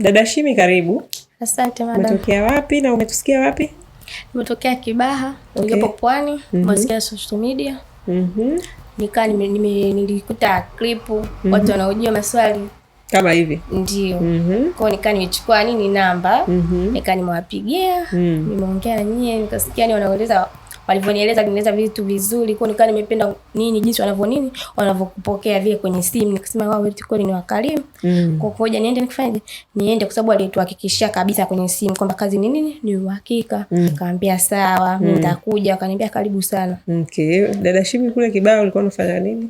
Dada Shimi, karibu. Asante madam. Umetokea wapi na umetusikia wapi? Nimetokea Kibaha, okay. Pwani, mhm. nimesikia social media. Mhm. Nikaa nilikuta clip mhm. watu wanaojia maswali kama hivi ndio. mm -hmm. Kwao nikaa nimechukua nini namba, mm -hmm. nikaa nimewapigia, mm. nimeongea na nyie, nikasikia ni wanaeleza walivyonieleza kunieleza vitu vizuri, kwa nikawa nimependa nini jinsi wanavyo nini wanavyokupokea vile kwenye simu, nikasema wao wetu kweli ni wakarimu mm. kwa kuja niende nikifanye niende kwa sababu alituhakikishia kabisa kwenye simu kwamba kazi ni nini, ni uhakika mm. nikamwambia sawa, mm. nitakuja. Akaniambia karibu sana. Okay, dada Shimi, kule Kibao ulikuwa unafanya nini?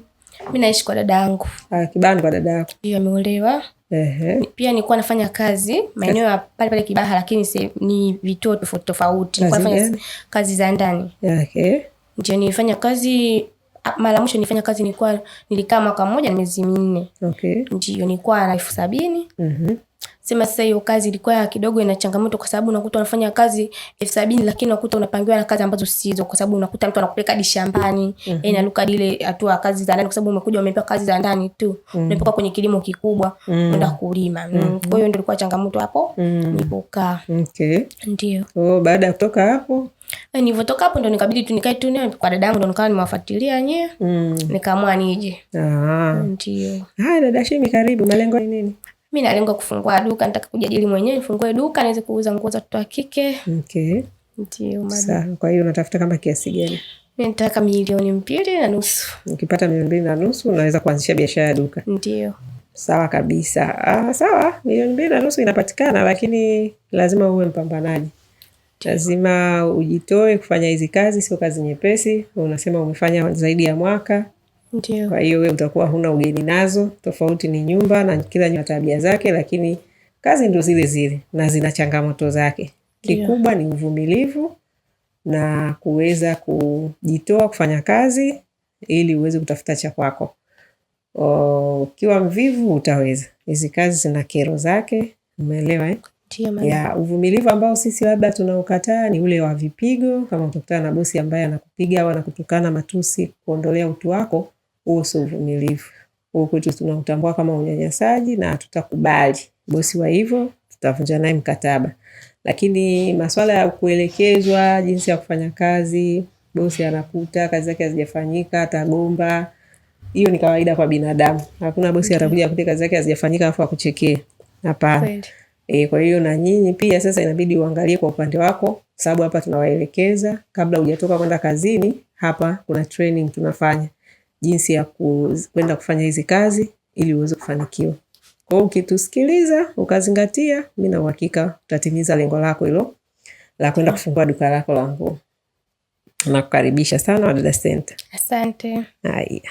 Mi naishi kwa dada yangu. Ah, kibanda kwa dada yako? Ndio, ameolewa. Ehe. Pia nilikuwa nafanya kazi maeneo ya pale pale Kibaha, lakini se, ni vituo tofauti tofauti. Nilikuwa nafanya kazi za ndani. Okay. Ndio nilifanya kazi ah, mara mwisho nilifanya kazi nilikuwa nilikaa mwaka mmoja na miezi minne. Okay. Ndio nilikuwa na elfu sabini. Mhm. Mm sema sasa hiyo kazi ilikuwa ya kidogo ina changamoto, kwa sababu unakuta unafanya kazi elfu sabini lakini unakuta unapangiwa na kazi ambazo sizo, kwa sababu unakuta mtu anakupeleka hadi shambani mm -hmm. Inaluka ile hatua kazi za ndani, kwa sababu umekuja umepewa kazi za ndani tu mm -hmm. unapoka kwenye kilimo kikubwa mm -hmm. kulima mm -hmm. kwa hiyo ndio ilikuwa changamoto hapo mm -hmm. Okay, ndio oh, baada ya kutoka hapo eh, nilivyotoka hapo ndo nikabidi tu nikae tu naye kwa dada yangu, ndo nikawa nimewafuatilia nyewe mm. Nikaamua nije. Ndio haya, dada Shimi, karibu. Malengo ni nini? mi nalenga kufungua duka, nataka kujiajiri mwenyewe, nifungue duka niweze kuuza nguo za watoto wa kike. kwa hiyo unatafuta kama kiasi gani? nataka milioni mbili na nusu. Ukipata milioni mbili na nusu unaweza kuanzisha biashara ya duka. Ndio. Sawa kabisa. Ah, sawa, milioni mbili na nusu inapatikana, lakini lazima uwe mpambanaji lazima ujitoe kufanya hizi kazi, sio kazi nyepesi. Unasema umefanya zaidi ya mwaka, Ndiyo. Kwa hiyo wewe utakuwa huna ugeni nazo, tofauti ni nyumba na kila nyumba tabia zake, lakini kazi ndo zile zile na zina changamoto zake. Kikubwa ni uvumilivu na kuweza kujitoa kufanya kazi ili uweze kutafuta cha kwako. Ukiwa mvivu utaweza, Hizi kazi zina kero zake, umeelewa eh? Ya uvumilivu ambao sisi labda tunaokataa ni ule wa vipigo, kama utakutana na bosi ambaye anakupiga au anakutukana matusi, kuondolea utu wako, huo sio uvumilivu, huo kwetu tunautambua kama unyanyasaji na tutakubali bosi wa hivyo, tutavunja naye mkataba. Lakini masuala ya kuelekezwa jinsi ya kufanya kazi, bosi anakuta kazi zake hazijafanyika, atagomba. Hiyo ni kawaida kwa binadamu. Hakuna bosi okay, atakuja akute kazi zake hazijafanyika afu akuchekee. Hapana. E, kwa hiyo na nyinyi pia sasa inabidi uangalie kwa upande wako, sababu hapa tunawaelekeza kabla hujatoka kwenda kazini. Hapa kuna training tunafanya jinsi ya kwenda kufanya hizi kazi ili uweze kufanikiwa. Kwa hiyo ukitusikiliza ukazingatia, mimi na uhakika utatimiza lengo lako hilo la kwenda kufungua duka lako la nguo. Nakukaribisha sana Wadada Center. Asante. Haya.